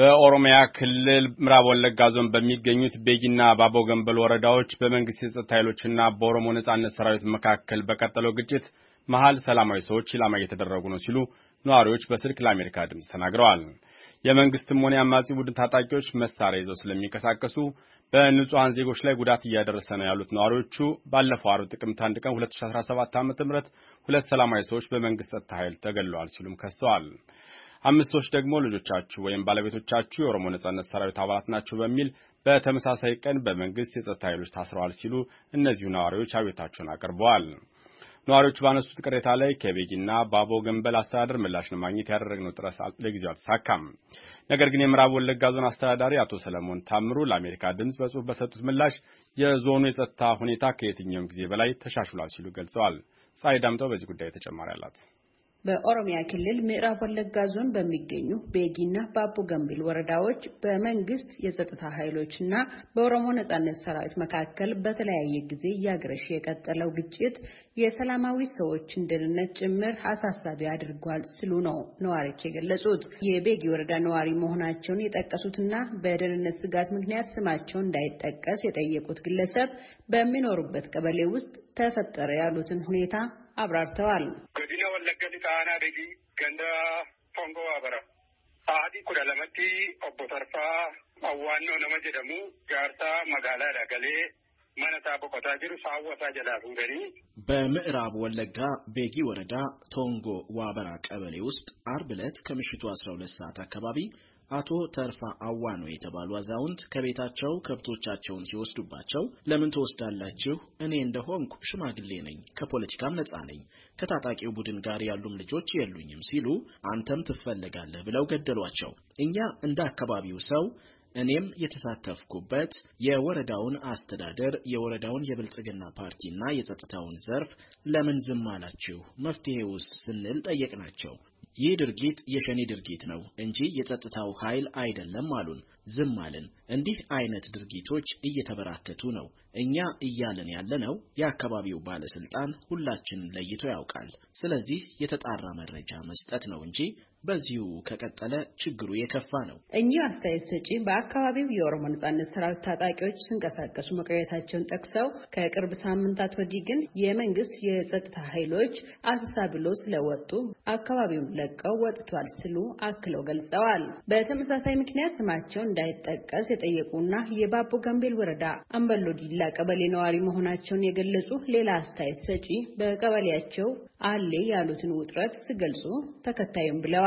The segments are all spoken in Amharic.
በኦሮሚያ ክልል ምዕራብ ወለጋ ዞን በሚገኙት ቤጊና ባቦ ገንበል ወረዳዎች በመንግስት የጸጥታ ኃይሎችና በኦሮሞ ነጻነት ሰራዊት መካከል በቀጠለው ግጭት መሀል ሰላማዊ ሰዎች ኢላማ እየተደረጉ ነው ሲሉ ነዋሪዎች በስልክ ለአሜሪካ ድምፅ ተናግረዋል። የመንግስትም ሆነ የአማጺ ቡድን ታጣቂዎች መሳሪያ ይዘው ስለሚንቀሳቀሱ በንጹሐን ዜጎች ላይ ጉዳት እያደረሰ ነው ያሉት ነዋሪዎቹ ባለፈው አርብ ጥቅምት አንድ ቀን 2017 ዓ ም ሁለት ሰላማዊ ሰዎች በመንግስት ጸጥታ ኃይል ተገለዋል ሲሉም ከሰዋል። አምስቶች ደግሞ ልጆቻችሁ ወይም ባለቤቶቻችሁ የኦሮሞ ነጻነት ሰራዊት አባላት ናቸው በሚል በተመሳሳይ ቀን በመንግስት የጸጥታ ኃይሎች ታስረዋል ሲሉ እነዚሁ ነዋሪዎች አቤታቸውን አቅርበዋል። ነዋሪዎቹ ባነሱት ቅሬታ ላይ ከቤጊና በአቦ ገንበል አስተዳደር ምላሽ ለማግኘት ያደረግነው ጥረት ለጊዜው አልተሳካም። ነገር ግን የምዕራብ ወለጋ ዞን አስተዳዳሪ አቶ ሰለሞን ታምሩ ለአሜሪካ ድምፅ በጽሁፍ በሰጡት ምላሽ የዞኑ የጸጥታ ሁኔታ ከየትኛውም ጊዜ በላይ ተሻሽሏል ሲሉ ገልጸዋል። ፀሐይ ዳምጠው በዚህ ጉዳይ ተጨማሪ አላት። በኦሮሚያ ክልል ምዕራብ ወለጋ ዞን በሚገኙ ቤጊና በአቡ ገንቢል ወረዳዎች በመንግስት የጸጥታ ኃይሎች እና በኦሮሞ ነጻነት ሰራዊት መካከል በተለያየ ጊዜ እያገረሽ የቀጠለው ግጭት የሰላማዊ ሰዎችን ደህንነት ጭምር አሳሳቢ አድርጓል ሲሉ ነው ነዋሪዎች የገለጹት። የቤጊ ወረዳ ነዋሪ መሆናቸውን የጠቀሱትና በደህንነት ስጋት ምክንያት ስማቸው እንዳይጠቀስ የጠየቁት ግለሰብ በሚኖሩበት ቀበሌ ውስጥ ተፈጠረ ያሉትን ሁኔታ አብራርተዋል። Wallaggatti Xaanaa Degii ganda tongo waa bara. kuda kudha lamatti obbo Tarfaa Awwaannoo nama jedhamu jaarsaa magaalaadha galee mana isaa boqotaa jiru saawwataa jalaa fuudhanii በምዕራብ ወለጋ ቤጊ ወረዳ ቶንጎ ዋበራ ቀበሌ ውስጥ አርብ ዕለት asraa hulat saat አካባቢ አቶ ተርፋ አዋኖ የተባሉ አዛውንት ከቤታቸው ከብቶቻቸውን ሲወስዱባቸው ለምን ትወስዳላችሁ? እኔ እንደሆንኩ ሽማግሌ ነኝ፣ ከፖለቲካም ነፃ ነኝ፣ ከታጣቂው ቡድን ጋር ያሉም ልጆች የሉኝም ሲሉ አንተም ትፈለጋለህ ብለው ገደሏቸው። እኛ እንደ አካባቢው ሰው እኔም የተሳተፍኩበት የወረዳውን አስተዳደር የወረዳውን የብልጽግና ፓርቲና የጸጥታውን ዘርፍ ለምን ዝም አላችሁ? መፍትሄ ውስጥ ስንል ጠየቅናቸው። ይህ ድርጊት የሸኔ ድርጊት ነው እንጂ የጸጥታው ኃይል አይደለም አሉን። ዝም አልን። እንዲህ አይነት ድርጊቶች እየተበራከቱ ነው። እኛ እያልን ያለነው የአካባቢው ባለስልጣን ሁላችንን ለይቶ ያውቃል። ስለዚህ የተጣራ መረጃ መስጠት ነው እንጂ በዚሁ ከቀጠለ ችግሩ የከፋ ነው። እኚህ አስተያየት ሰጪ በአካባቢው የኦሮሞ ነጻነት ሰራዊት ታጣቂዎች ሲንቀሳቀሱ መቆየታቸውን ጠቅሰው ከቅርብ ሳምንታት ወዲህ ግን የመንግስት የጸጥታ ኃይሎች አስሳ ብሎ ስለወጡ አካባቢውን ለቀው ወጥቷል ሲሉ አክለው ገልጸዋል። በተመሳሳይ ምክንያት ስማቸው እንዳይጠቀስ የጠየቁና የባቦ ገምቤል ወረዳ አምበሎ ዲላ ቀበሌ ነዋሪ መሆናቸውን የገለጹ ሌላ አስተያየት ሰጪ በቀበሌያቸው አሌ ያሉትን ውጥረት ሲገልጹ ተከታዩም ብለዋል።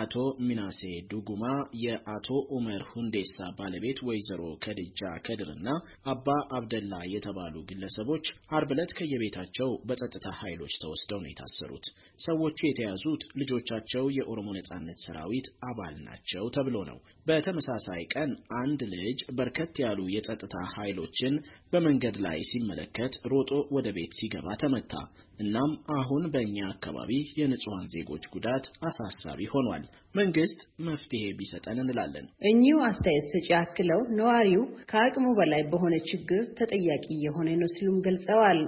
አቶ ሚናሴ ዱጉማ የአቶ ኡመር ሁንዴሳ ባለቤት ወይዘሮ ከድጃ ከድርና አባ አብደላ የተባሉ ግለሰቦች አርብ ዕለት ከየቤታቸው በጸጥታ ኃይሎች ተወስደው ነው የታሰሩት። ሰዎቹ የተያዙት ልጆቻቸው የኦሮሞ ነጻነት ሰራዊት አባል ናቸው ተብሎ ነው። በተመሳሳይ ቀን አንድ ልጅ በርከት ያሉ የጸጥታ ኃይሎችን በመንገድ ላይ ሲመለከት ሮጦ ወደ ቤት ሲገባ ተመታ። እናም አሁን በእኛ አካባቢ የንጹሐን ዜጎች ጉዳት አሳሳቢ ሆኗል። መንግስት መፍትሄ ቢሰጠን እንላለን። እኚሁ አስተያየት ሰጪ አክለው ነዋሪው ከአቅሙ በላይ በሆነ ችግር ተጠያቂ የሆነ ነው ሲሉም ገልጸዋል።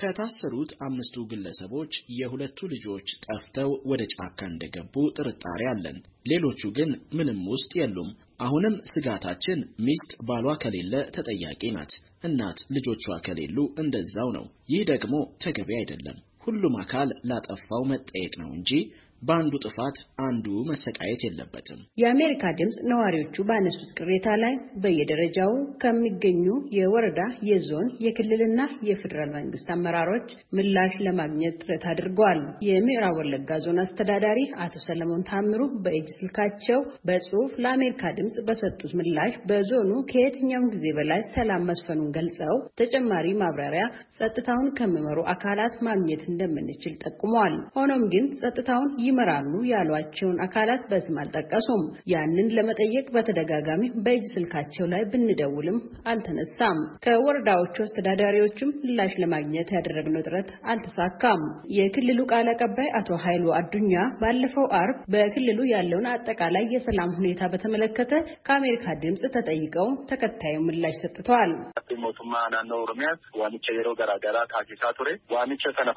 ከታሰሩት አምስቱ ግለሰቦች የሁለቱ ልጆች ጠፍተው ወደ ጫካ እንደገቡ ጥርጣሬ አለን። ሌሎቹ ግን ምንም ውስጥ የሉም። አሁንም ስጋታችን ሚስት ባሏ ከሌለ ተጠያቂ ናት፣ እናት ልጆቿ ከሌሉ እንደዛው ነው። ይህ ደግሞ ተገቢ አይደለም። ሁሉም አካል ላጠፋው መጠየቅ ነው እንጂ በአንዱ ጥፋት አንዱ መሰቃየት የለበትም። የአሜሪካ ድምፅ ነዋሪዎቹ ባነሱት ቅሬታ ላይ በየደረጃው ከሚገኙ የወረዳ፣ የዞን፣ የክልልና የፌዴራል መንግስት አመራሮች ምላሽ ለማግኘት ጥረት አድርገዋል። የምዕራብ ወለጋ ዞን አስተዳዳሪ አቶ ሰለሞን ታምሩ በእጅ ስልካቸው በጽሁፍ ለአሜሪካ ድምፅ በሰጡት ምላሽ በዞኑ ከየትኛውም ጊዜ በላይ ሰላም መስፈኑን ገልጸው ተጨማሪ ማብራሪያ ጸጥታውን ከሚመሩ አካላት ማግኘት እንደምንችል ጠቁመዋል። ሆኖም ግን ጸጥታውን ይመራሉ ያሏቸውን አካላት በስም አልጠቀሱም። ያንን ለመጠየቅ በተደጋጋሚ በእጅ ስልካቸው ላይ ብንደውልም አልተነሳም። ከወረዳዎቹ አስተዳዳሪዎችም ምላሽ ለማግኘት ያደረግነው ጥረት አልተሳካም። የክልሉ ቃል አቀባይ አቶ ኃይሉ አዱኛ ባለፈው አርብ በክልሉ ያለውን አጠቃላይ የሰላም ሁኔታ በተመለከተ ከአሜሪካ ድምፅ ተጠይቀው ተከታዩ ምላሽ ሰጥተዋል። ገራገራ ታጂሳ ቱሬ ዋንቸ ሰነ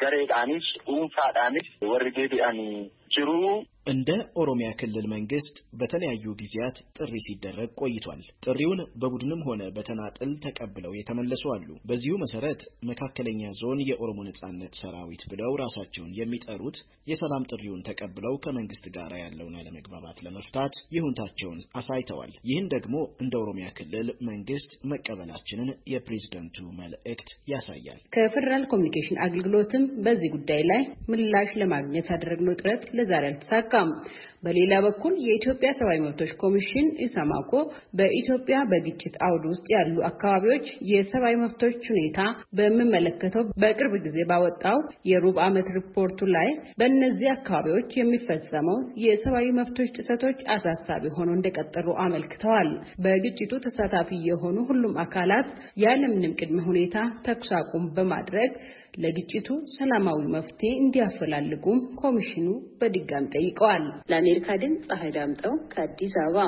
ገሬ ዳኒሽ ኡንፋ ዳኒሽ ወርጌ ta'ee ani jiru. እንደ ኦሮሚያ ክልል መንግስት በተለያዩ ጊዜያት ጥሪ ሲደረግ ቆይቷል። ጥሪውን በቡድንም ሆነ በተናጥል ተቀብለው የተመለሱ አሉ። በዚሁ መሰረት መካከለኛ ዞን የኦሮሞ ነጻነት ሰራዊት ብለው ራሳቸውን የሚጠሩት የሰላም ጥሪውን ተቀብለው ከመንግስት ጋር ያለውን አለመግባባት ለመፍታት ይሁንታቸውን አሳይተዋል። ይህን ደግሞ እንደ ኦሮሚያ ክልል መንግስት መቀበላችንን የፕሬዝደንቱ መልእክት ያሳያል። ከፌዴራል ኮሚኒኬሽን አገልግሎትም በዚህ ጉዳይ ላይ ምላሽ ለማግኘት ያደረግነው ጥረት ለዛሬ አልተሳካ አልተሳካም። በሌላ በኩል የኢትዮጵያ ሰብአዊ መብቶች ኮሚሽን ኢሰማኮ በኢትዮጵያ በግጭት አውድ ውስጥ ያሉ አካባቢዎች የሰብአዊ መብቶች ሁኔታ በሚመለከተው በቅርብ ጊዜ ባወጣው የሩብ ዓመት ሪፖርቱ ላይ በእነዚህ አካባቢዎች የሚፈጸመው የሰብአዊ መብቶች ጥሰቶች አሳሳቢ ሆኖ እንደቀጠሉ አመልክተዋል። በግጭቱ ተሳታፊ የሆኑ ሁሉም አካላት ያለምንም ቅድመ ሁኔታ ተኩስ አቁም በማድረግ ለግጭቱ ሰላማዊ መፍትሄ እንዲያፈላልጉም ኮሚሽኑ በድጋሚ ጠይቀዋል። አስታውቀዋል። ለአሜሪካ ድምፅ ፀሐይ ዳምጠው ከአዲስ አበባ